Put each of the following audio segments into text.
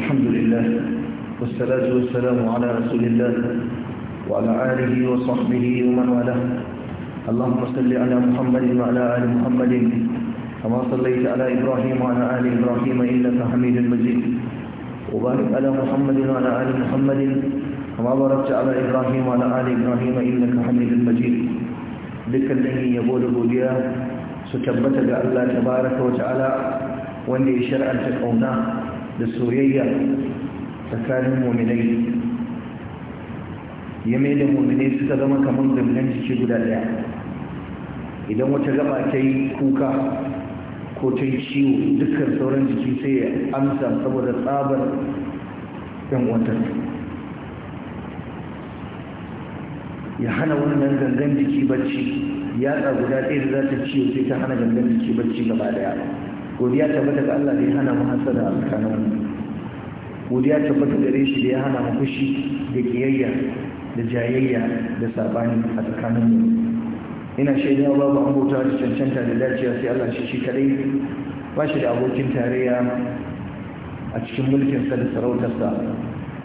الحمد لله والصلاة والسلام على رسول الله وعلى آله وصحبه ومن والاه اللهم صل على محمد وعلى آل محمد كما صليت على إبراهيم وعلى آل إبراهيم إنك حميد مجيد وبارك على محمد وعلى آل محمد كما باركت على إبراهيم وعلى آل إبراهيم إنك حميد مجيد dukkan الذي يقول بوديا godiya su tabbata ga Allah tabaraka wa ta'ala da soyayya tsakanin muminai ya mai da muminai suka zama kamar gangan jiki guda daya idan wata gaba ta yi kuka ko ta yi ciwo dukkan sauran jiki sai ya amsa saboda tsabar yan watan ya hana wannan gangan jiki bacci yatsa guda ɗaya da za ta ciwo sai ta hana gangan jiki bacci gaba daya godiya tabbata ga Allah da ya hana mu hasada a tsakanin godiya tabbata gare shi da ya hana mu fushi da kiyayya da jayayya da sabani a tsakanin mu ina shaida babu an bauta da cancanta da dacewa sai Allah shi shi kadai ba shi da abokin tarayya a cikin mulkinsa da sarautarsa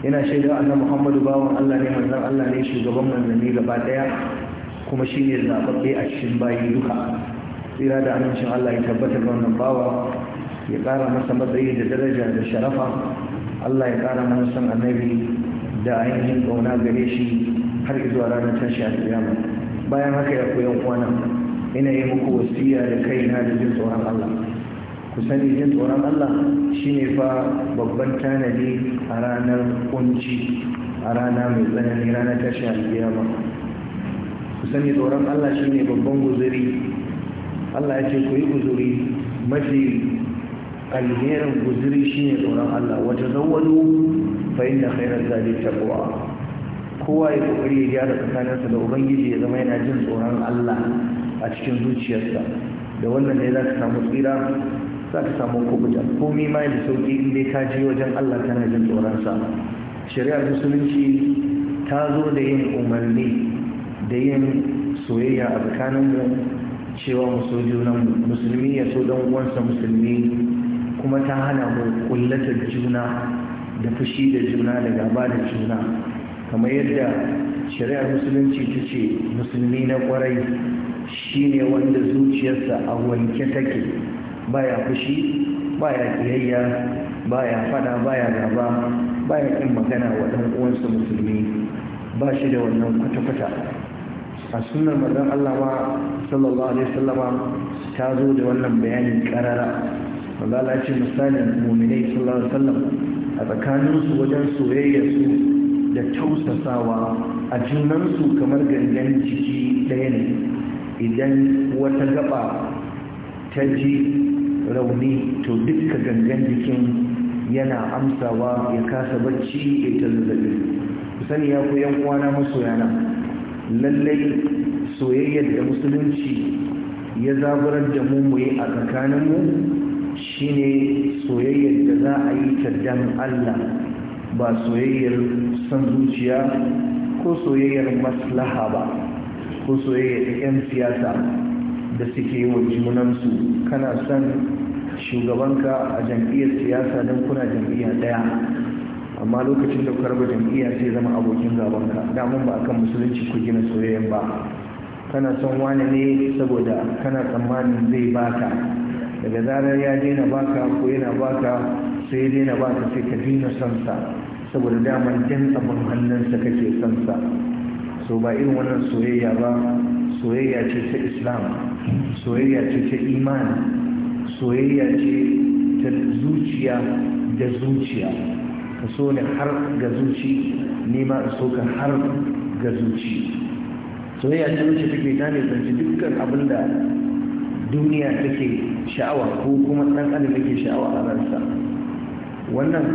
yana shaida annan muhammadu bawan Allah ne manzan Allah ne shugaban manzanni gaba ɗaya, kuma shi ne zaɓaɓɓe a cikin bayi duka tsira da amincin Allah ya tabbatar da wannan bawa ya ƙara masa matsayi da daraja da sharafa Allah ya ƙara mana son annabi da ainihin ƙauna gare shi har zuwa ranar tashi a kiyama bayan haka ya koyan kwana, ina yi muku wasiya da kaina da jin tsoron Allah ku sani jin tsoron Allah shine fa babban tanadi a ranar kunci a rana mai tsanani ranar tashi a kiyama ku sani tsoron Allah shine babban guzuri Allah ya ce ku yi uzuri mafi alherin guzuri shine tsoron Allah wata zauwalu bayan da hairar zadi ta kowa ya kokari ya gyara tsakaninsa da ubangiji ya zama yana jin tsoron Allah a cikin zuciyarsa da wannan ne za ka samu tsira za ka samu kubuta Ko ma da sauƙi in dai ka je wajen Allah kana jin tsoron shari'ar musulunci ta zo da yin umarni da yin soyayya a tsakaninmu cewa mu musulmi ya so don uwansa musulmi kuma ta hana mu kullatar juna da fushi da juna da gaba da juna kamar yadda shari'ar musulunci ta ce musulmi na kwarai shine wanda zuciyarsa a wanke take baya fushi baya kiyayya baya fada baya gaba baya ƙin magana wa uwansa musulmi ba shi da wannan kwata-kwata a sunan mazan Allah ma sallallahu alaihi wasallama ta zo da wannan bayanin karara mazala ce misalin muminai sallallahu alaihi wasallam a tsakaninsu wajen soyayya su da tausasawa a su kamar gangan jiki ɗaya ne idan wata gaba ta ji rauni to dukka gangan jikin yana amsawa ya kasa bacci ya ta zazzabi sani ya ku yan uwana masoyana lallai soyayyar da musulunci ya zaburar da mu mu yi a tsakaninmu shine soyayyar da za a yi ta Allah ba soyayyar san zuciya ko soyayyar maslaha ba ko soyayyar 'yan siyasa da suke yi wa junansu kana son shugabanka a jam'iyyar siyasa don kuna jam'iyya ɗaya amma lokacin da karba jam'iyya zai zama abokin gabanka damun ba akan musulunci ku gina soyayyen ba kana son wani ne saboda kana tsammanin zai baka daga zarar ya daina baka ko yana baka sai ya daina baka sai ka daina son sa saboda daman jan abin hannunsa kake son sa so ba irin wannan soyayya ba soyayya ce ta islam soyayya ce ta imani soyayya ce ta zuciya da zuciya ka so ni har ga zuci ni ma so ka har ga zuci soyayya ta wuce take ta ne zance dukkan abin da duniya take sha'awa ko kuma ɗan adam take sha'awa a ransa wannan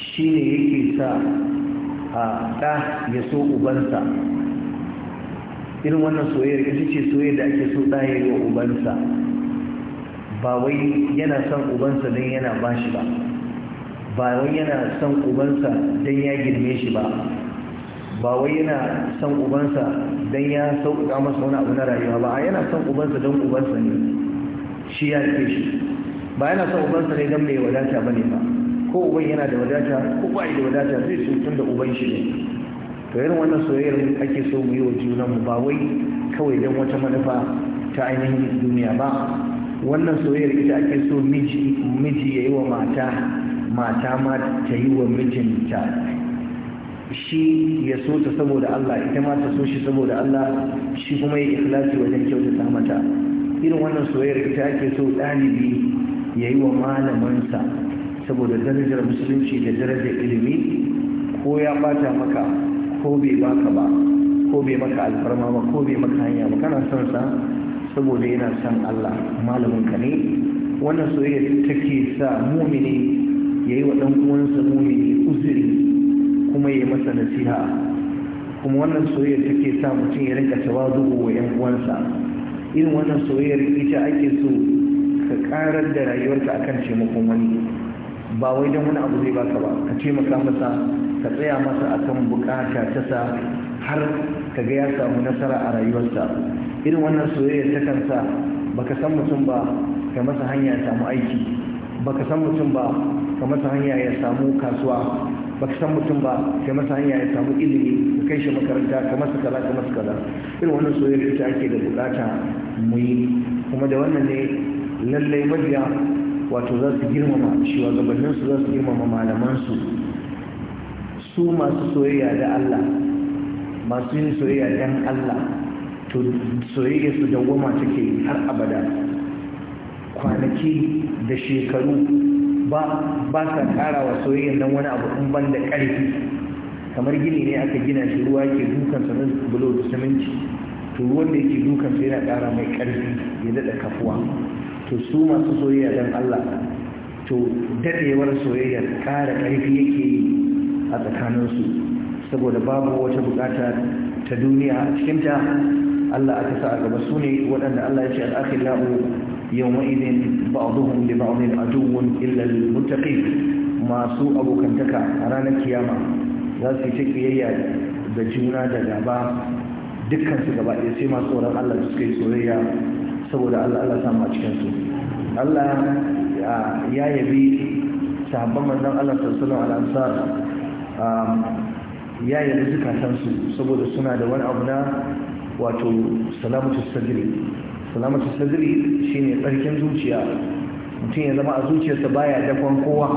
shi ne yake sa a ɗa ya so ubansa irin wannan soyayyar ita ce soyayyar da ake so ɗaya yi ubansa ba wai yana son ubansa don yana bashi ba ba wai yana son ubansa don ya girme shi ba ba wai yana son ubansa don ya sauƙaƙa masa wani abu na rayuwa ba yana son ubansa don ubansa ne shi ya ke shi ba yana son ubansa ne don mai wadata ba ne ba ko uban yana da wadata ko ba da wadata zai tun da uban shi ne to irin wannan soyayyar ake so mu yi wa junanmu ba wai kawai don wata manufa ta ainihin duniya ba wannan soyayyar ita ake so miji miji ya yi wa mata mata ma ta yi wa mijinta shi ya so ta saboda Allah ita ma ta so shi saboda Allah shi kuma ya ikhlasi wajen kyautata mata irin wannan soyayyar ita ake so ɗalibi ya yi wa malamansa saboda darajar musulunci da darajar ilimi ko ya bata maka ko bai baka ba ko bai maka alfarma ba ko bai maka hanya ba kana son sa saboda yana son Allah malamin ka ne wannan soyayya take sa mumini ya yi wa ɗan uwansa mumini uzuri kuma ya masa nasiha kuma wannan soyayyar take sa mutum ya rinka zuwa wa 'yan uwansa irin wannan soyayyar ita ake so ka karar da rayuwarka akan taimakon wani ba wai don wani abu zai baka ba ka taimaka masa ka tsaya masa akan bukata ta sa har ka ga ya samu nasara a rayuwarsa irin wannan soyayya ta kansa baka san mutum ba ka masa hanya samu aiki baka san mutum ba ka masa hanya ya samu kasuwa ba ka san mutum ba ka masa hanya ya samu ilimi ka kai shi makaranta ka masa kaza ka masa kaza irin wannan soyayya ita ake da bukata mu yi kuma da wannan ne lallai mabiya wato za su girmama shugabannin su za su girmama malaman su su masu soyayya da Allah masu yin soyayya dan Allah to soyayya su dawwama take har abada kwanaki da shekaru ba ba sa kara wa soyayyar nan wani abu in ban da ƙarfi kamar gini ne aka gina shi ruwa ke dukan sa na bulo da siminti to ruwan da yake dukan sa yana ƙara mai ƙarfi ya daɗa kafuwa to su masu soyayya dan Allah to daɗewar soyayyar ƙara ƙarfi yake a tsakaninsu saboda babu wata buƙata ta duniya a cikinta Allah aka sa a gaba su ne waɗanda Allah ya ce al'akhillahu يومئذ بعضهم لبعض عدو إلا المتقين ما سوء أبو kiyama أرانا كياما لا سيشكي da juna da gaba dukkansu gaba ɗaya sai masu tsoron Allah da suka yi soyayya saboda Allah Allah samu a cikinsu Allah ya yabi sahabban manzon Allah sallallahu alaihi zukatansu saboda suna da wani abu na wato salamatu sadri salamatu sadri shine tsarkin zuciya mutum ya zama a zuciyarsa baya dakon kowa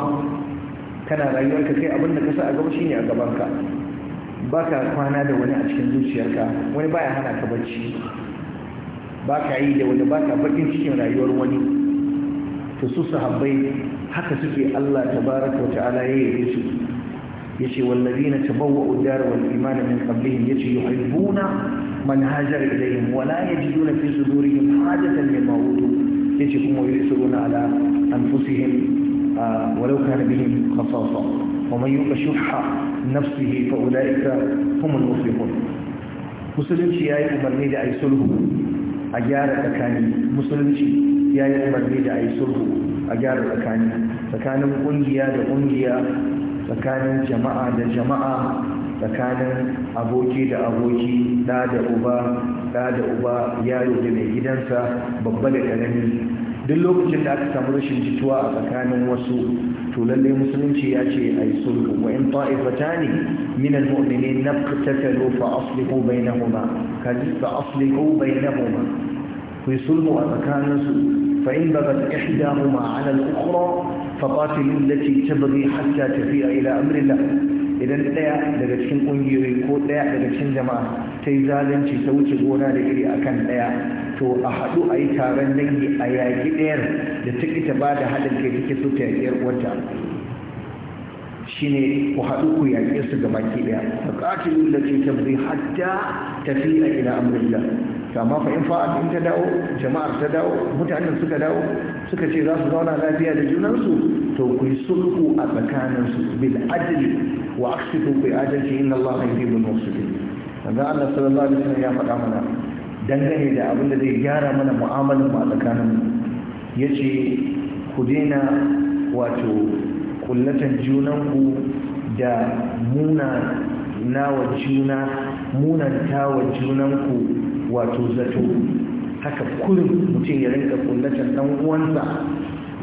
kana rayuwarka kai abinda ka sa a gaba shine a gabanka ka kwana da wani a cikin zuciyarka wani baya hana ka bacci ka yi da wani baka bakin cikin rayuwar wani Ta su sahabbai haka suke Allah tabaraka wa ala ya yi su yace ta tabawwa'u dar wal iman min qablihim yace yuhibbuna man hajar ilayhim wa la yajiduna fi sudurihim hajatan mimma utu yace kuma yusiruna ala anfusihim walau kana bihim khasasa wa man yuqa shuhha nafsihi fa yayi umarni da ayi sulhu a gyara tsakani musulunci yayi umarni da ayi sulhu a gyara tsakani tsakanin kungiya da kungiya tsakanin jama'a da jama'a tsakanin aboki da aboki Ɗa da uba da da uba yaro da mai gidansa babba da karami duk lokacin da aka samu rashin jituwa a tsakanin wasu to lalle musulunci ya ce a yi sulhu wa in ta'ifatani min almu'minin naqtatalu fa aslihu bainahuma kaji fa aslihu bainahuma ku sulhu a tsakanin su fa in bagat ihdahuma ala al-ukhra فقاتلوا التي تبغي حتى تفيء إلى ila الله idan ɗaya daga cikin ƙungiyoyi ko ɗaya daga cikin jama'a ta yi zalunci ta wuce gona da iri a kan ɗaya to a haɗu a yi taron dangi a yaƙi ɗayar da ta ita ba da haɗin kai take so ta yaƙi wata shine ku haɗu ku yaƙe su ga baki ɗaya fa da allati tabghi hatta a ila amrillah to amma fa in fa'a in ta dawo jama'ar ta dawo mutanen suka dawo suka ce za su zauna lafiya da junansu to ku yi sulhu a tsakaninsu bil adli wa aqsitu fi adalci inna Allah yuhibbul muqsitin manzo Allah sallallahu alaihi wasallam ya faɗa mana dangane da abin da zai gyara mana mu'amalar mu a tsakanin yace ku daina wato kullatan junanku da muna nawa juna junanku wato zato haka kurin mutum ya rinka kullatan dan uwansa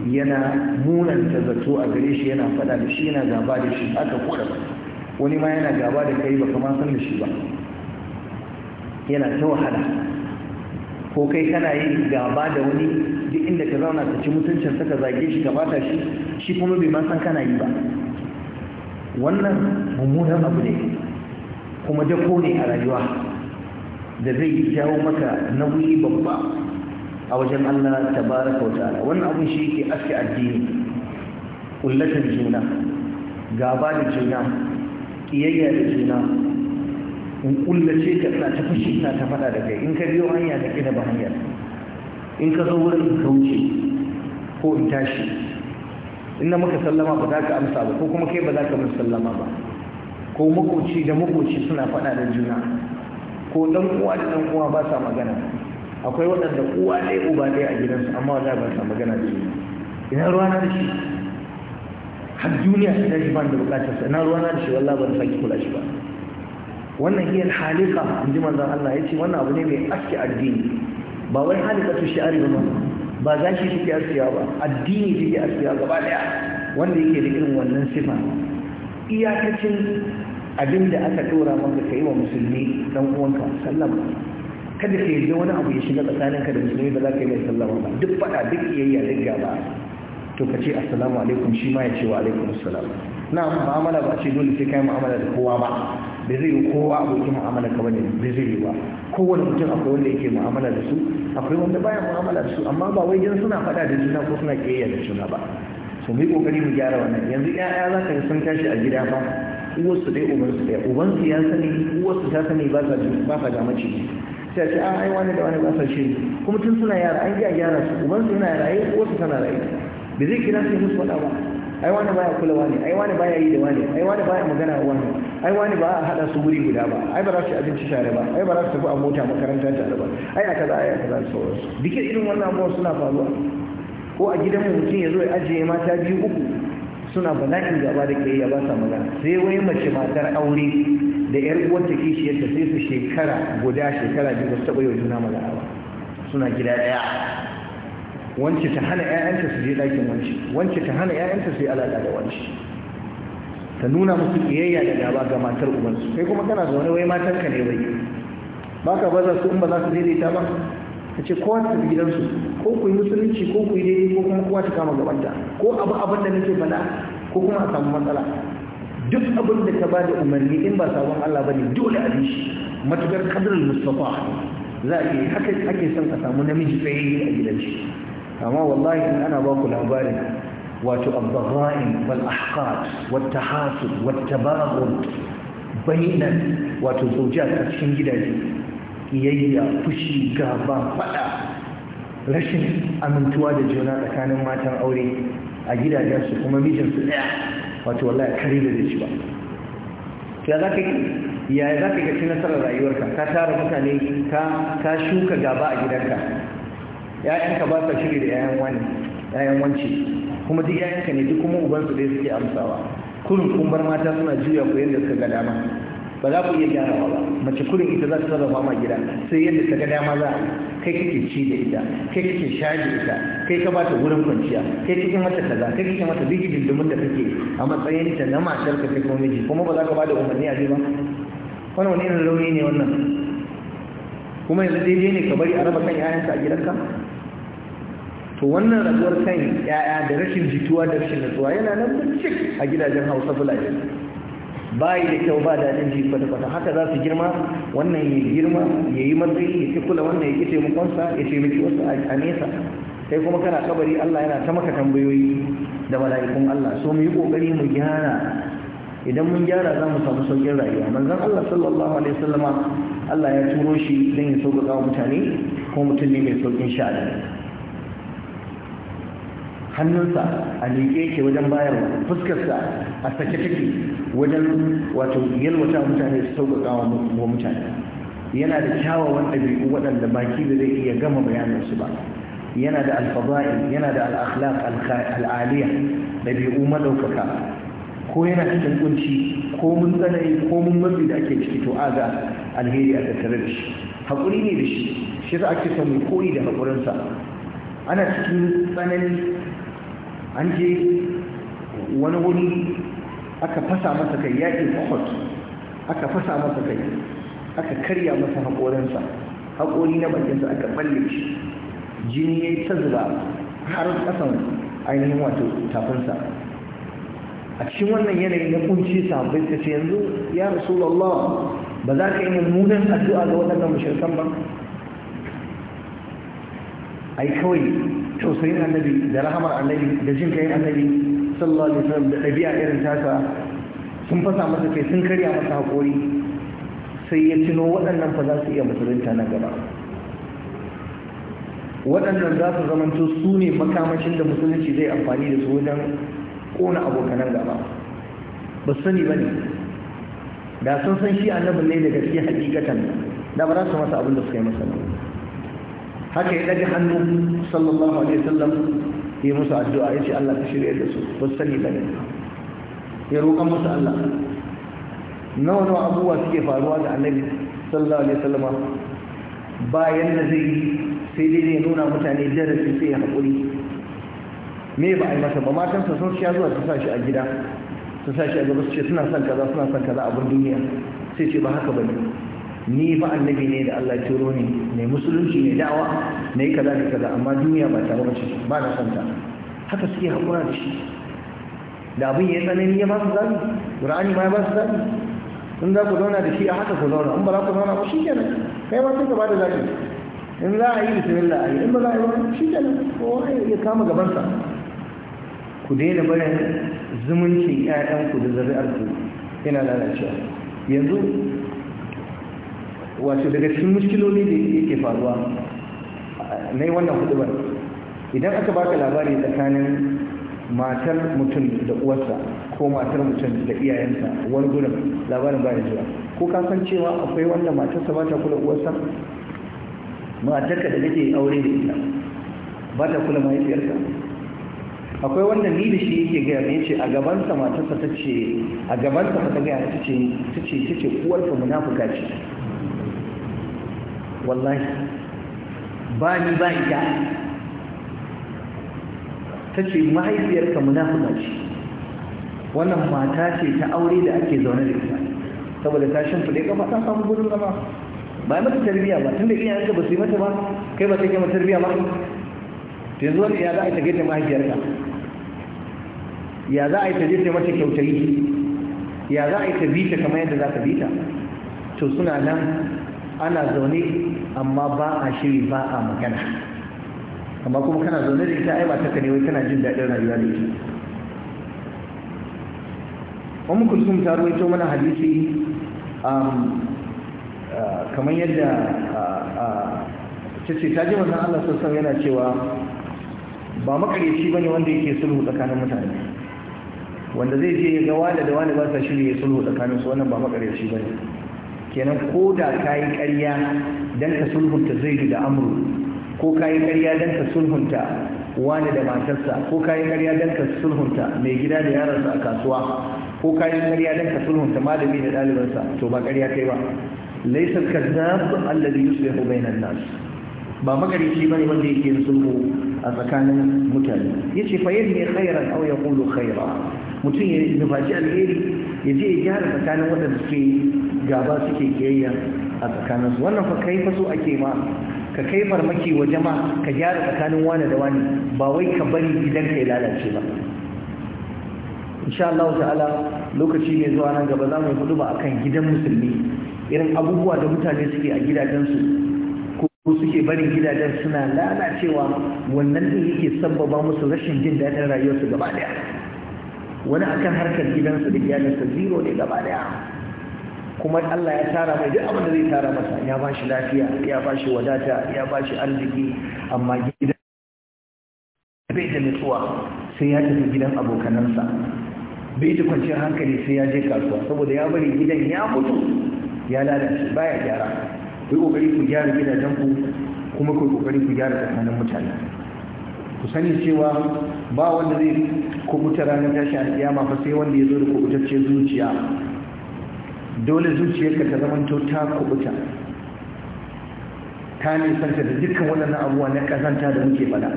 yana munanta zato a gare shi yana faɗa da shi yana gaba da shi aka kura wani ma yana gaba da kai baka ma san da shi ba yana ta wahala ko kai kana yi gaba da wani duk inda ka zauna ka ci mutuncin saka zage shi ka bata shi shi kuma bai ma san kana yi ba wannan mummunan abu ne kuma dako ne a rayuwa da zai jawo maka nauyi babba a wajen Allah ta baraka wa ta'ala wannan abin shi ke aske addini kullatar juna gaba da juna kiyayya da juna in kullace ka ina ta fushi ina ta faɗa da kai in ka biyo hanya ka kina ba hanyar in ka zo wurin ka wuce ko in tashi In inda muka sallama ba za ka amsa ba ko kuma kai ba za ka mun sallama ba ko makoci da makoci suna faɗa da juna ko ɗan uwa da ɗan uwa ba sa magana akwai waɗanda uwa ne uba ɗaya a gidansu amma wala ban sa magana da shi ina ruwa na da shi har duniya ta shi ban da bukatar sa ina ruwa na da shi wallahi ban saki kula shi ba wannan iya halika in ji manzon Allah ya ce wannan abu ne mai aske addini ba wai halika tu shi'ari ba ba za shi take askewa ba addini take askewa gaba ɗaya wanda yake da irin wannan sifa iyakacin abin da aka ɗora maka ka yi wa musulmi dan uwanka sallama kada ka yarda wani abu ya shiga tsakaninka da musulmi ba za ka yi mai sallama ba duk faɗa duk iyayya duk gaba to ka ce assalamu alaikum shi ma ya ce wa alaikum assalam na mu'amala ba ce dole sai kai mu'amala da kowa ba bai zai yi kowa abokin mu'amala ka bane bai zai yi ba kowane mutum akwai wanda yake mu'amala da su akwai wanda baya mu'amala da su amma ba wai dan suna faɗa da juna ko suna kiyayya da juna ba so mu yi kokari mu gyara wannan yanzu ƴaƴa za ka sun tashi a gida fa uwarsu dai ubansu ɗaya ubansu ya sani uwarsu ta sani ba ba sa ga maciji sai ce an ah, ai wani da wani ba sa kuma tun suna yara an iya gyara su uban su yana raye wasu tana raye bai zai kira su musu faɗa ba ai wani baya kula wani ai wani baya yi da wani ai wani baya magana wani ai wani ba a hada su guri guda ba ai ba za su abinci share ba ai ba za su tafi a mota makaranta tare ba ai a kaza ai a kaza sauransu dukkan irin wannan abubuwan suna faruwa ko a gidan mutum ya zo ya ajiye mata biyu uku suna bala'in gaba da ya ba sa magana sai wai mace matar aure da yar shi kishiyarta sai su shekara guda shekara biyu su taɓa yau juna magana ba suna gida ɗaya wance ta hana ƴaƴanta su je ɗakin wance wance ta hana ƴaƴanta su yi alaƙa da wance ta nuna musu kiyayya da gaba ga matar ubansu kai kuma kana zaune wai ka ne bai baka baza su in ba za su daidaita ba Ka ce kowa ta gidansu ko ku yi musulunci ko ku yi daidai ko kuma kowa ta kama gabanta ko abu abin da nake faɗa ko kuma a samu matsala duk abin da ta ba da umarni in ba sabon Allah ba ne dole a bi shi matukar kadirin mustafa za a yi haka ake son a samu namiji tsayayye a gidan shi amma wallahi in ana ba ku labarin wato bal wal ahqat wat tahasud wat tabaghud bainan wato zawjat a cikin gidaje kiyayya fushi gaba faɗa rashin amintuwa da juna tsakanin matan aure a gidajensu kuma mijinsu ɗaya wato wallahi kare da ci ba ya za ka yaya za ka gaci nasarar rayuwarka ka tara mutane ka shuka gaba a gidanka ‘ya'yanka ba sa shiri da ‘ya'yan wani ‘ya'yan wanci kuma duk ‘ya'yanka ne duk kuma ubansu dai suke amsawa kurin kun bar mata suna juya ku yadda suka ga dama ba za ku iya gyara ba mace kudin ita za ta sarrafa ma gida sai yadda ta ga dama za kai kake ci da ita kai kake sha da ita kai ka ba ta wurin kwanciya kai kake mata kaza kai kake mata duk dindimin da kake a matsayin ta na matar ka kai kuma miji kuma ba za ka ba da umarni a ba wannan wani irin rauni ne wannan kuma yanzu daidai ne ka bari a raba kan ka a gidanka to wannan rabuwar kan 'ya'ya da rashin jituwa da rashin natsuwa yana nan cik a gidajen hausa fulani bayi da kyau ba daɗin ji kwata-kwata haka za su girma wannan ya girma ya yi matsayi ya ci kula wannan ya ki taimakonsa ya taimaki wasu a nesa sai kuma kana kabari Allah yana ta maka tambayoyi da mala'ikun Allah so mu yi kokari mu gyara idan mun gyara za mu samu saukin rayuwa manzon Allah sallallahu alaihi wasallama Allah ya turo shi don ya sauƙaƙa mutane ko mutum ne mai saukin sha'ani hannunsa a liƙe ke wajen bayarwa fuskarsa a sake take wajen wato yalwata mutane su sauƙaƙa wa mutane yana da kyawawan ɗabi'u waɗanda baki da zai iya gama bayaninsu ba yana da alfaza'i yana da al'akhlaq al'aliya ɗabi'u madaukaka ko yana cikin kunci ko mun tsanayi ko mun mafi da ake ciki to aga alheri a tattare da shi haƙuri ne da shi shi za ake samu koyi da haƙurinsa ana cikin tsanani an je wani wuri aka fasa masa kai yaƙi kwakwat aka fasa masa kai aka karya masa haƙorinsa haƙori na bakinsa aka balle shi jini ya yi ta zuba har ƙasan ainihin wato tafinsa a cikin wannan yanayi na kunci sabbin ta ce yanzu ya rasu ba za ka yi mummunan addu'a ga waɗannan mashirkan ba ai kawai tausayin annabi da rahamar annabi da jin kayan annabi sallallahu alaihi wasallam da ɗabi'a irin tasa sun fasa masa kai sun karya masa haƙori sai ya tuno waɗannan fa za su iya musulunta nan gaba waɗannan za su zamanto su ne makamashin da musulunci zai amfani da su wajen ƙona abokanan gaba ba su sani ba ne da sun san shi annabin ne daga cikin hakikatan da ba za su masa abin da suka yi masa haka ya ɗaga hannu sallallahu alaihi wasallam ya musu addu'a ya ce Allah ta shirya da su ba su sani bane ya roƙa musu Allah nawa nawa abubuwa suke faruwa da annabi sallallahu alaihi wasallam bayan da zai yi sai dai ne nuna mutane darasi sai ya haƙuri me ba a yi masa ba matansa sun sha zuwa su sa shi a gida su sa shi a gaba su ce suna son kaza suna son kaza abin duniya sai ce ba haka ba ne. ni fa annabi ne da Allah turo ni ne musulunci ne da'awa ne kaza da kaza amma duniya ba ta bace ba na santa haka suke hakura da shi da abin ya tsanani ya ba su zabi qur'ani ma ya ba su zabi in za ku zauna da shi a haka ku zauna in ba za ku zauna ba shi kenan kai ma sai ka bada zabi in za a yi bismillah ayi in ba za a yi ba shi kenan ko ya kama gaban sa. ku daina barin zumuncin ƴaƴanku da zuri'arku yana lalacewa yanzu wato daga cikin mushkiloli da yake faruwa na yi wannan hudubar idan aka baka labari tsakanin matar mutum da uwarsa ko matar mutum da iyayensa wani gudun labarin bayan jira ko ka san cewa akwai wanda matarsa ba ta kula uwarsa matarka da nake aure da ita ba ta kula mahaifiyarsa? akwai wanda ni da shi yake gaya mai ce a gabansa matarsa ta ce a gabansa ta gaya ta ce ta ce ta ce uwarsa munafuka ce wallahi ba ni ba ita ta ce mahaifiyarka munafuna ce wannan mata ce ta aure da ake zaune da ita saboda ta shan shimfiɗe Kama ta samu gudun zama ba yi mata tarbiyya ba tun da iyayenka ba su yi mata ba kai ba ta kai mata tarbiyya ba ta yanzu wani ya za a yi ta gaita mahaifiyarka ya za a yi ta je ta mata kyautayi ya za a yi ta bi ta kamar yadda za ka bi ta to suna nan ana zaune amma ba a shiri ba a magana amma kuma kana zaune da ita ai ba taka ne wai kana jin daɗin rayuwa da ita ummu kulsum ta rawaito mana hadisi um, uh, kamar yadda uh, uh, ta ce ta ji wannan Allah sassan yana cewa ba makaryaci bane wanda yake sulhu tsakanin mutane wanda zai je ya ga wani da wani ba sa shirye sulhu tsakanin su wannan ba makaryaci bane kenan ko da ka yi ƙarya don ka sulhunta zaidu da amru ko ka yi ƙarya don ka sulhunta wani da matarsa ko ka yi ƙarya don ka sulhunta mai gida da yaransa a kasuwa ko ka yi ƙarya don ka sulhunta malami da ɗalibansa to ba ƙarya kai ba laisar kazzab allazi yuslihu bainan nas ba magarici bane wanda yake sulhu a tsakanin mutane yace fa yanni khairan aw yaqulu khaira mutum ya nufaci alheri ya je ya gyara tsakanin waɗanda suke gaba suke kiyayya a tsakaninsu wannan fa kai fa so ake ma ka kai farmaki wa jama'a ka gyara tsakanin wani da wani ba wai ka bari gidan ka lalace ba insha Allah ta'ala lokaci ne zuwa nan gaba za mu hudu ba akan gidan musulmi irin abubuwa da mutane suke a gidajensu ko suke barin gidajen suna lalacewa wannan din yake sabbaba musu rashin jin daɗin rayuwarsu gaba daya wani akan harkar gidansu da iyalinsa zero ne gaba daya kuma Allah ya tara mai duk abin da zai tara masa ya ba shi lafiya ya ba shi wadata ya ba shi arziki amma gidan bai da nutsuwa sai ya tafi gidan abokanansa bai da kwanciyar hankali sai ya je kasuwa saboda ya bari gidan ya mutu ya lalace baya gyara ku kokari ku gyara gidajen ku kuma ku kokari ku gyara tsakanin mutane ku sani cewa ba wanda zai kubuta ranar tashi alkiyama fa sai wanda ya zo da kubutacce zuciya dole zuciyarka ta zamanto ta kubuta ta nisanta da dukkan waɗannan abuwa na ƙazanta da muke faɗa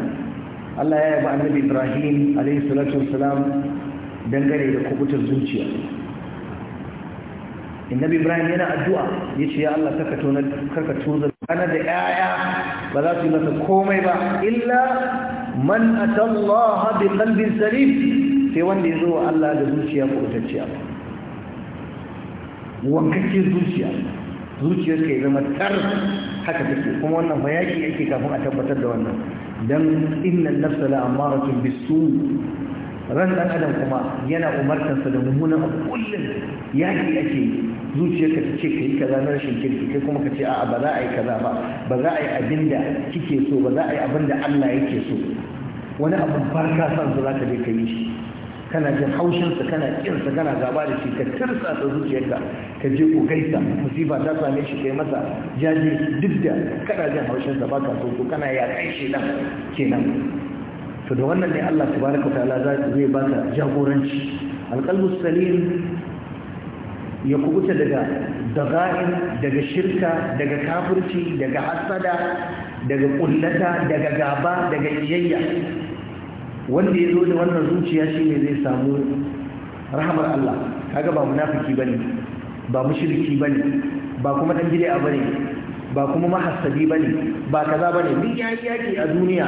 Allah ya yaba annabi Ibrahim alayhi salatu wassalam dangane da kubutar zuciya annabi Ibrahim yana addu'a yace ya Allah saka tona karka tuza kana da yaya ba za su yi masa komai ba illa man atallaha bi qalbin salim sai wanda ya zo wa Allah da zuciya kubutacciya ba wankakke zuciya zuciyar ka zama tar haka take kuma wannan bayaki yake kafin a tabbatar da wannan dan innan nafsa la bisu ran dan adam kuma yana umartar da mummunan abu kullun yaki ake zuciyar ka tace yi kaza na rashin kirki kai kuma ka ce a'a ba za a yi kaza ba ba za a yi abinda kike so ba za a yi abinda Allah yake so wani abu barka san su zaka je ka yi shi kana jin haushinsa kana kinsa kana gaba da shi ka tirsa ta zuciyarka ka je ku gaisa musiba ta same shi kai masa jaji duk da kana jin haushinsa ba ka so ko kana ya kai shi nan kenan to da wannan ne Allah tabaraka ta'ala zai baka jagoranci alqalbu salim ya kubuta daga daga'in daga shirka daga kafirci daga hasada daga kullata daga gaba daga iyayya wanda ya zo da wannan zuciya shi ne zai samu rahamar Allah kaga ba munafiki ne, ba ba ne, ba kuma dan ba ne, ba kuma mahassabi bane ba kaza bane duk ya yaki a duniya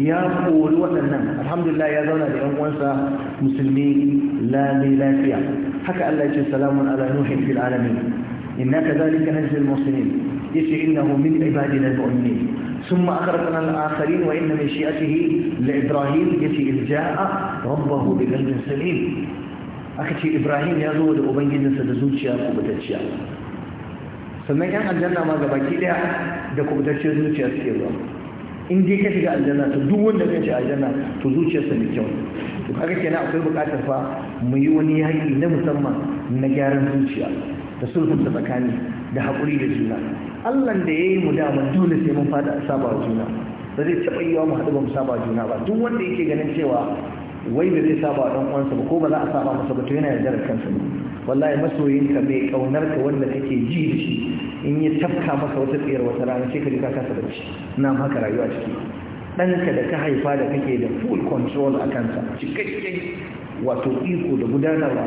ya kori waɗannan alhamdulillah ya zauna da yan uwansa musulmi lami lafiya haka Allah ya ce salamun ala nuhin fil alamin inna kadhalika najzil muhsinin yace innahu min ibadina al-mu'minin ثم أخرجنا الآخرين وإن من شيئته لإبراهيم يتي إذ جاء ربه بقلب سليم أكتي إبراهيم يزور أبنجد سدزوجيا قبتتشيا sannan yan aljanna ma gabaki daya da kubutaccen zuciya suke zuwa in dai ka shiga aljanna to duk wanda zai shiga aljanna to zuciyarsa mai kyau to kaga kenan akwai buƙatar fa mu yi wani yaƙi na musamman na gyaran zuciya da sulhun da tsakani da haƙuri da juna allan da ya yi mu dama dole sai mun fada a saba juna ba zai taɓa yi wa mu haɗu ba mu saba juna ba duk wanda yake ganin cewa wai ba zai saba ɗan uwansa ba ko ba za a saba masa ba to yana yarda da kansa ne wallahi masoyin ka mai kaunar ka wanda kake ji da shi in ya tafka maka wata tsayar wata rana sai ka ji ka kasa bacci na haka rayuwa ciki ɗanka da ka haifa da kake da full control a kansa cikakken wato iko da gudanarwa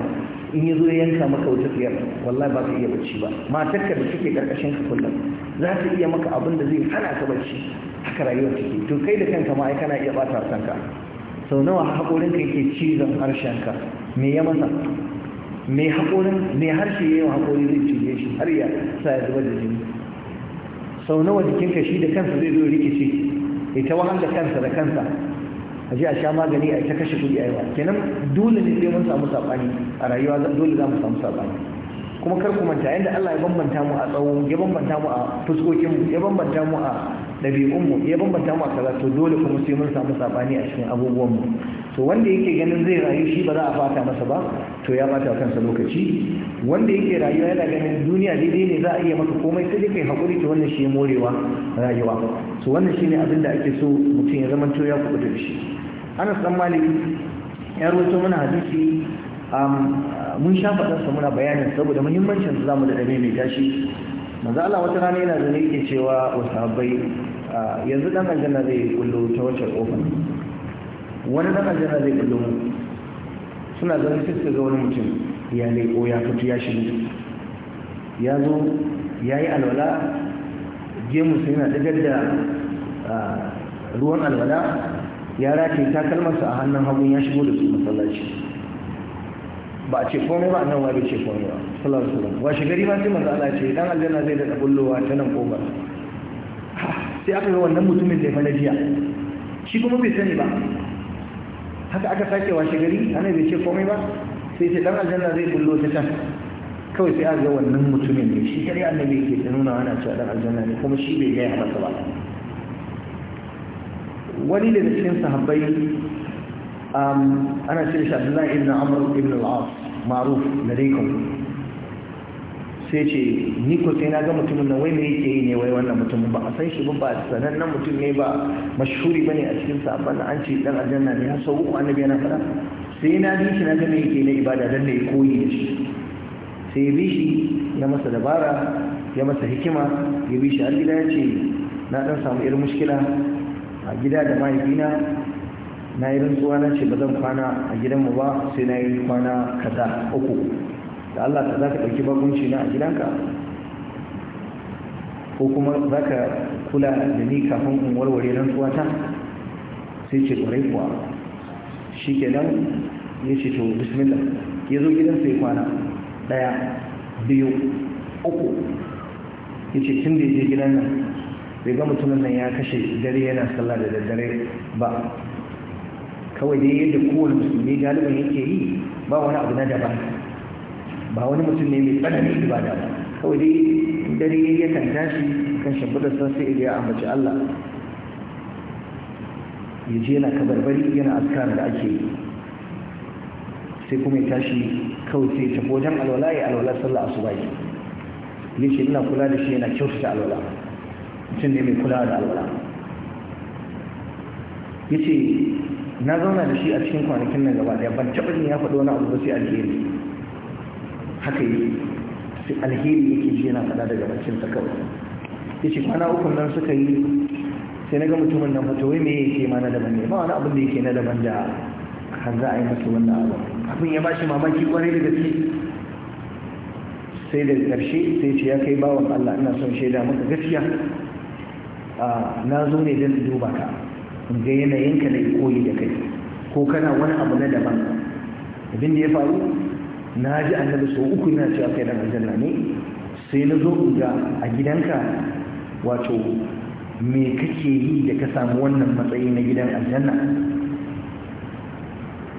in ya zo ya yanka maka wata tsiyar wallahi ba ka iya bacci ba matarka da suke karkashin ka kullum za ta iya maka abin da zai hana ka bacci haka rayuwar take to kai da kanka ma ai kana iya bata sanka sau nawa ka yake cizon harshen ka. me ya masa me haƙorin me harshe yayin haƙori zai cije shi har ya sa ya zubar da jini sau nawa jikinka shi da kansa zai zo rikici ita wahal da kansa da kansa a je a sha magani a ta kashe kuɗi a yawa kenan dole ne sai mun samu saɓani a rayuwa dole za mu samu saɓani kuma kar ku manta yadda Allah ya bambanta mu a tsawo ya bambanta mu a fuskokin ya bambanta mu a dabi'un mu ya bambanta mu a kaza to dole kuma sai mun samu saɓani a cikin abubuwan mu to wanda yake ganin zai rayu shi ba za a fata masa ba to ya bata kansa lokaci wanda yake rayuwa yana ganin duniya daidai ne za a iya maka komai sai kai hakuri to wannan shi morewa rayuwa to wannan shine abin da ake so mutum ya zama to ya kubuta da shi anas dan malik ya rubuto mana hadisi um, mun sha faɗar sa muna bayanin saboda muhimmancin su zamu da dame mai tashi manzo Allah wata rana yana zane yake cewa wa sahabbai ah, yanzu dan aljanna zai kullu ta wacce kofa wani dan aljanna zai kullu suna zama sai ga wani mutum ya ko ya fito ya shi ya zo ya yi alwala sai yana dagar da ah, ruwan alwala ya rataye takalmarsa a hannun hagun ya shigo da su masallaci ba a ce komai ba nan bai ce komai ba sallallahu alaihi Wa shigari gari ma sai manzo Allah ce dan aljanna zai da bullowa ta nan kofar sai aka ga wannan mutumin da ya fara jiya shi kuma bai sani ba haka aka sake wa shigari ana bai ce komai ba sai ce dan aljanna zai bullo ta can kawai sai aka ga wannan mutumin ne shi kare annabi ke ta nuna ana cewa dan aljanna ne kuma shi bai gaya masa ba wani da cikin sahabbai um, ana cire shi Abdullahi ibn Amr ibn al-As ma'ruf rikon sai ce ni ko sai na ga mutumin nan wai me yake yi ne wai wannan mutumin ba a san shi ba sanannen mutum ne ba mashhuri bane a cikin sahabban an ce dan aljanna ne ya sau uku annabi yana fara sai na bi shi na ga me yake na ibada dan ne koyi da shi sai ya bi shi ya masa dabara ya masa hikima ya bi shi an gida ya ce na dan samu irin mushkila a gida da mahaifina na yi rantsuwa na ce ba zan kwana a gidanmu ba sai na yi kwana kaza uku da Allah ta za ka ɗauki bakunci na a gidanka ko kuma za ka kula da ni kafin in warware rantsuwa ta sai ce ƙwarai kuwa shi ke nan ya ce to bismillah ya zo gidan sai kwana ɗaya biyu uku ya ce tun da ya je gidan nan bai ga mutumin nan ya kashe dare yana sallah da daddare ba kawai dai yadda kowane musulmi galibin yake yi ba wani abu na daban ba wani mutum ne mai tsanani ibada ba kawai dai dare ya kan tashi kan shimfiɗar sassa sai ya ambaci Allah ya je yana kabarbari yana askar da ake yi sai kuma ya tashi kawai sai tafi wajen alwala ya alwala sallah asuba ya ce ina kula da shi yana kyautata alwala mutum ne mai kula da Allah ya ce na zauna da shi a cikin kwanakin nan gaba daya ban taɓa ya faɗo wani abu sai alheri haka yi sai alheri yake ji yana faɗa daga sa kawai ya ce kwana uku nan suka yi sai na ga mutumin nan fata wai me yake ma na daban ne ba wani abin da yake na daban da kan za a yi masa wannan abu abin ya bashi mamaki kwarai da gaske sai da ƙarshe sai ce ya kai bawan Allah ina son shaida maka gaskiya na zo ne don duba ka in ga ka na koyi da kai ko kana wani abu na daban abin da ya faru na ji annabi sau uku yana cewa kai da aljanna ne sai na zo ga a gidanka wato me kake yi da ka samu wannan matsayi na gidan aljanna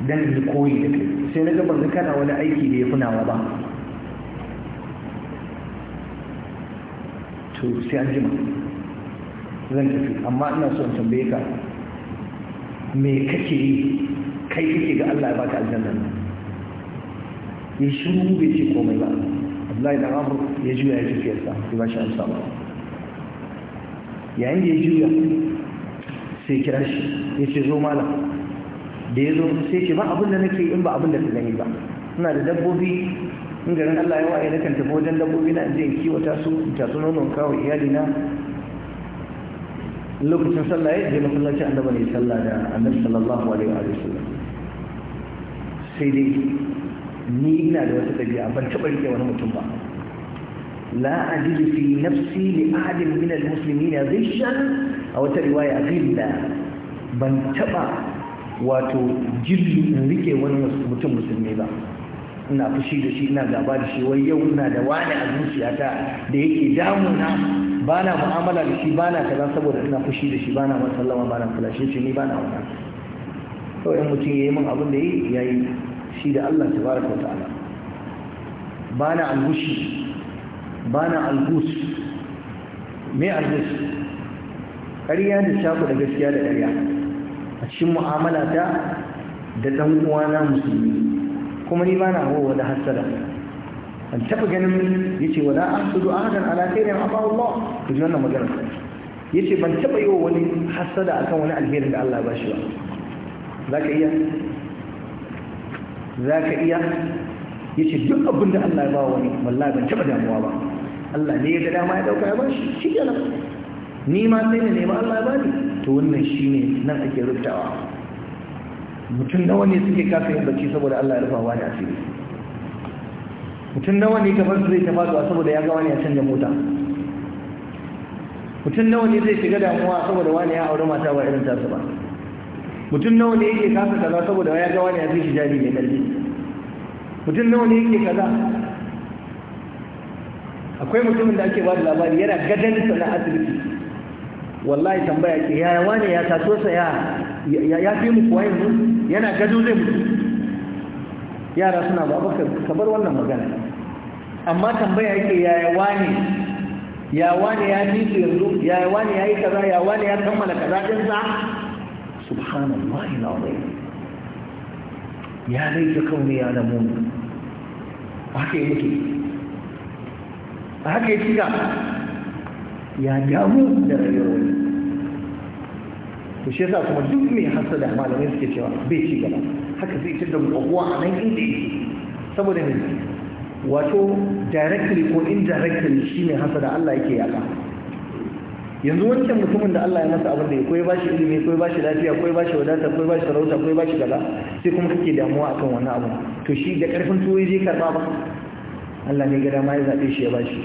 dan in koyi da kai sai na ga ban kana wani aiki da ya fi nawa ba to sai an jima zan tafi amma ina so in tambaye ka me kake yi kai kake ga Allah ya baka aljanna ya shiru bai ce komai ba Abdullahi da Amr ya juya ya tafi sa ya ba shi amsa ba yayin da ya juya sai kira shi ya ce zo malam da ya zo sai ce ba abin da nake in ba abin da ka gani ba ina da dabbobi in garin Allah ya waye kan tafi wajen dabbobi na je in kiwata su in tatsu nonon kawai iyalina lokacin sallah ya je masallacin annabi ne sallah da annabi sallallahu alaihi wa sallam sai dai ni ina da wata dabi'a ban taɓa riƙe wani mutum ba la ajidu fi nafsi li ahadin min almuslimina ghishan a wata riwaya ghilla ban taɓa wato jillu in riƙe wani mutum musulmi ba ina fushi da shi ina gaba da shi wai yau ina da wani a zuciyata da yake damuna ba na mu'amala da shi ba na kaza saboda ina fushi da shi ba na masallama ba na kula shi ce ni ba na wannan kawai in mutum ya yi min abin da ya yi ya yi shi da Allah ta baraka wa ta'ala ba na algushi ba na algus me algus ƙarya da shaku da gaskiya da ƙarya a cikin mu'amala ta da ɗan uwana musulmi kuma ni ba na hawa da hassada an taɓa ganin ya ce wala an sudu ahadan ala khairin aba Allah ku ji wannan magana ya ce ban taɓa yi wa wani hasada akan wani alherin da Allah ba shi ba za ka iya za ka iya ya ce duk abin da Allah ya ba wani wallahi ban taɓa damuwa ba Allah ne ya ga dama ya ɗauka ya ba shi shi ni ma sai ne nema Allah ya bani to wannan shine nan ake rubtawa mutum nawa ne suke kafin bacci saboda Allah ya rufa wa da asiri mutum nawa ne kamar su zai ta faduwa saboda ya ga wani a canja mota mutum nawa ne zai shiga damuwa saboda wani ya aure mata ba irin tasu ba mutum nawa ne yake kasa kaza saboda ya ga wani a zai shi jari mai ƙarfi mutum nawa ne yake kaza akwai mutumin da ake ba da labari yana gadan sana asibiti wallahi tambaya ke yaya wani ya taso sa ya ya fi mu kuwa yanzu yana gado zai mutu yara suna ba ka bar wannan magana amma tambaya yake yaya wani ya wani ya fi su yanzu ya wani ya yi kaza ya wani ya kammala kaza din sa subhanallah ina wai ya laita kauni ya lamun haka ya mutu haka ya shiga ya damu da rayuwar wani to shi yasa kuma duk mai hasada malamai suke cewa bai ci gaba haka zai ci da kokowa a nan inda yake saboda mai wato directly ko indirectly shine hasada Allah yake yaka yanzu wancan mutumin da Allah ya masa abin da ya koyi bashi ilimi koyi bashi lafiya koyi bashi wadata koyi bashi sarauta koyi bashi kaza sai kuma kake damuwa akan wannan abu to shi da karfin to yaje karba ba Allah ne gada ma ya zabe shi ya bashi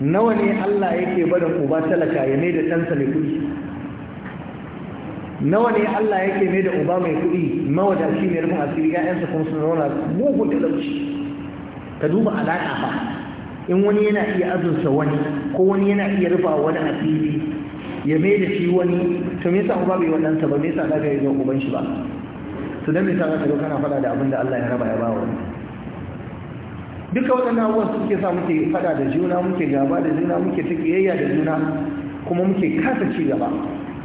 nawa ne Allah yake barin uba talaka ya mai da tansa mai kuɗi nawa ne Allah yake mai da uba mai kuɗi mawadaci ne rubun asiri ga yansa kuma sun zauna mugun talauci ka duba alaƙa fa in wani yana iya azurta wani ko wani yana iya rufa wani asiri ya mai da shi wani to me yasa uba bai wannan ba me yasa za yi uban shi ba to dan me yasa ka zo kana faɗa da abin Allah ya raba ya ba wani duka waɗannan abubuwan suke sa muke faɗa da juna muke gaba da juna muke ta da juna kuma muke kasa ci gaba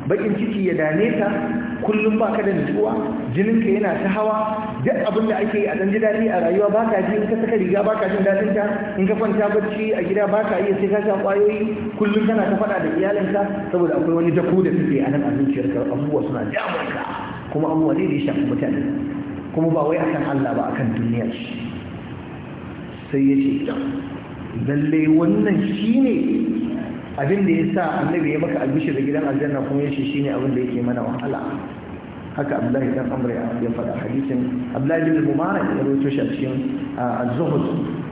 bakin ciki ya dane ta. kullum baka da nutsuwa jininka yana ta hawa duk abin da ake yi a ji daɗi a rayuwa baka ji in ka saka riga baka jin daɗin ta in ka kwanta bacci a gida baka iya sai ka sha ƙwayoyi kullum kana ta faɗa da iyalinka saboda akwai wani dako da suke a nan a ka abubuwa suna ka. kuma abubuwa ne da ya shafi mutane kuma ba wai akan Allah ba akan duniya. shi sai ya ce lalle wannan shine abin da ya sa annabi ya maka albishi da gidan aljanna kuma ya shi shine abin da yake mana wahala haka abdullahi dan amr ya faɗa hadisin abdullahi bin mubarak ya rawaito shi a cikin az zuhd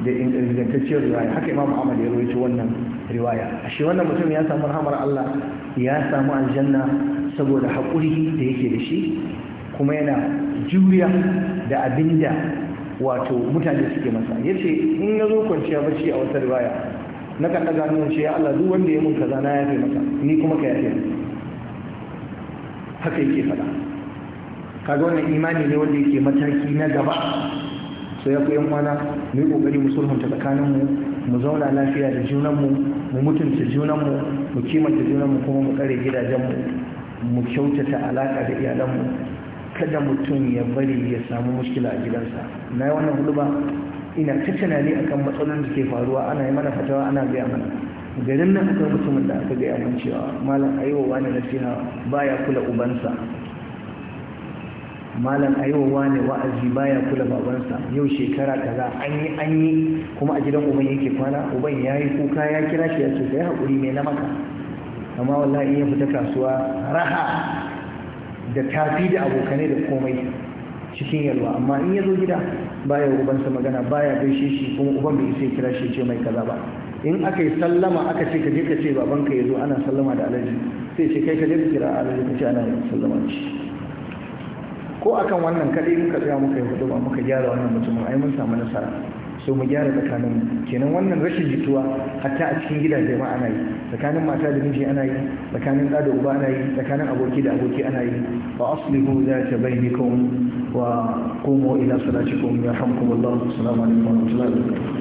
da ingantacciyar riwaya haka imam ahmad ya rawaito wannan riwaya shi wannan mutum ya samu rahamar Allah ya samu aljanna saboda haƙuri da yake da shi kuma yana juriya da abinda wato mutane suke masa yace in ya zo kwanciya bacci a wata riwaya na kan daga hannun shi ya Allah duk wanda ya mun kaza na yafe masa ni kuma ka yafe haka yake faɗa kaga wannan imani ne wanda yake mataki na gaba so ya ku yan kwana mu yi kokari mu sulhunta tsakanin mu mu zauna lafiya da junan mu mu mutunta junan mu mu kimanta junan mu kuma mu kare gidajen mu mu kyautata alaka da iyalan mu kada mutum ya bari ya samu mushkila a gidansa na yi wannan hulba ina ta tunani akan matsalolin da ke faruwa ana yi mana fatawa ana gaya mana garin nan akwai mutumin da aka gaya mun cewa malam aiwa wani nasiha baya kula ubansa malam aiwa wani wa'azi baya kula babansa yau shekara kaza an yi an yi kuma a gidan uban yake kwana uban ya yi kuka ya kira shi ya ce kai hakuri mai na maka amma wallahi ya fita kasuwa raha da tafi da abokanai da komai cikin yalwa amma in ya zo gida baya ubansa magana baya gaishe shi kuma uban bai isa ya kira shi ce mai kaza ba in aka yi sallama aka ce ka ka ce babanka ya zo ana sallama da alaji sai ce kai ka je ka kira alaji ka ce ana sallama shi ko akan wannan kaɗai ka tsaya muka yi hudu ba muka gyara wannan mutumin ai mun samu nasara so mu gyara tsakanin kenan wannan rashin jituwa hatta a cikin gidaje ma ana yi tsakanin mata da miji ana yi tsakanin ɗa da uba ana yi tsakanin aboki da aboki ana yi wa aslihu da bainakum wa qumu ila salatikum yarhamkumullah assalamu alaikum wa rahmatullahi wa barakatuh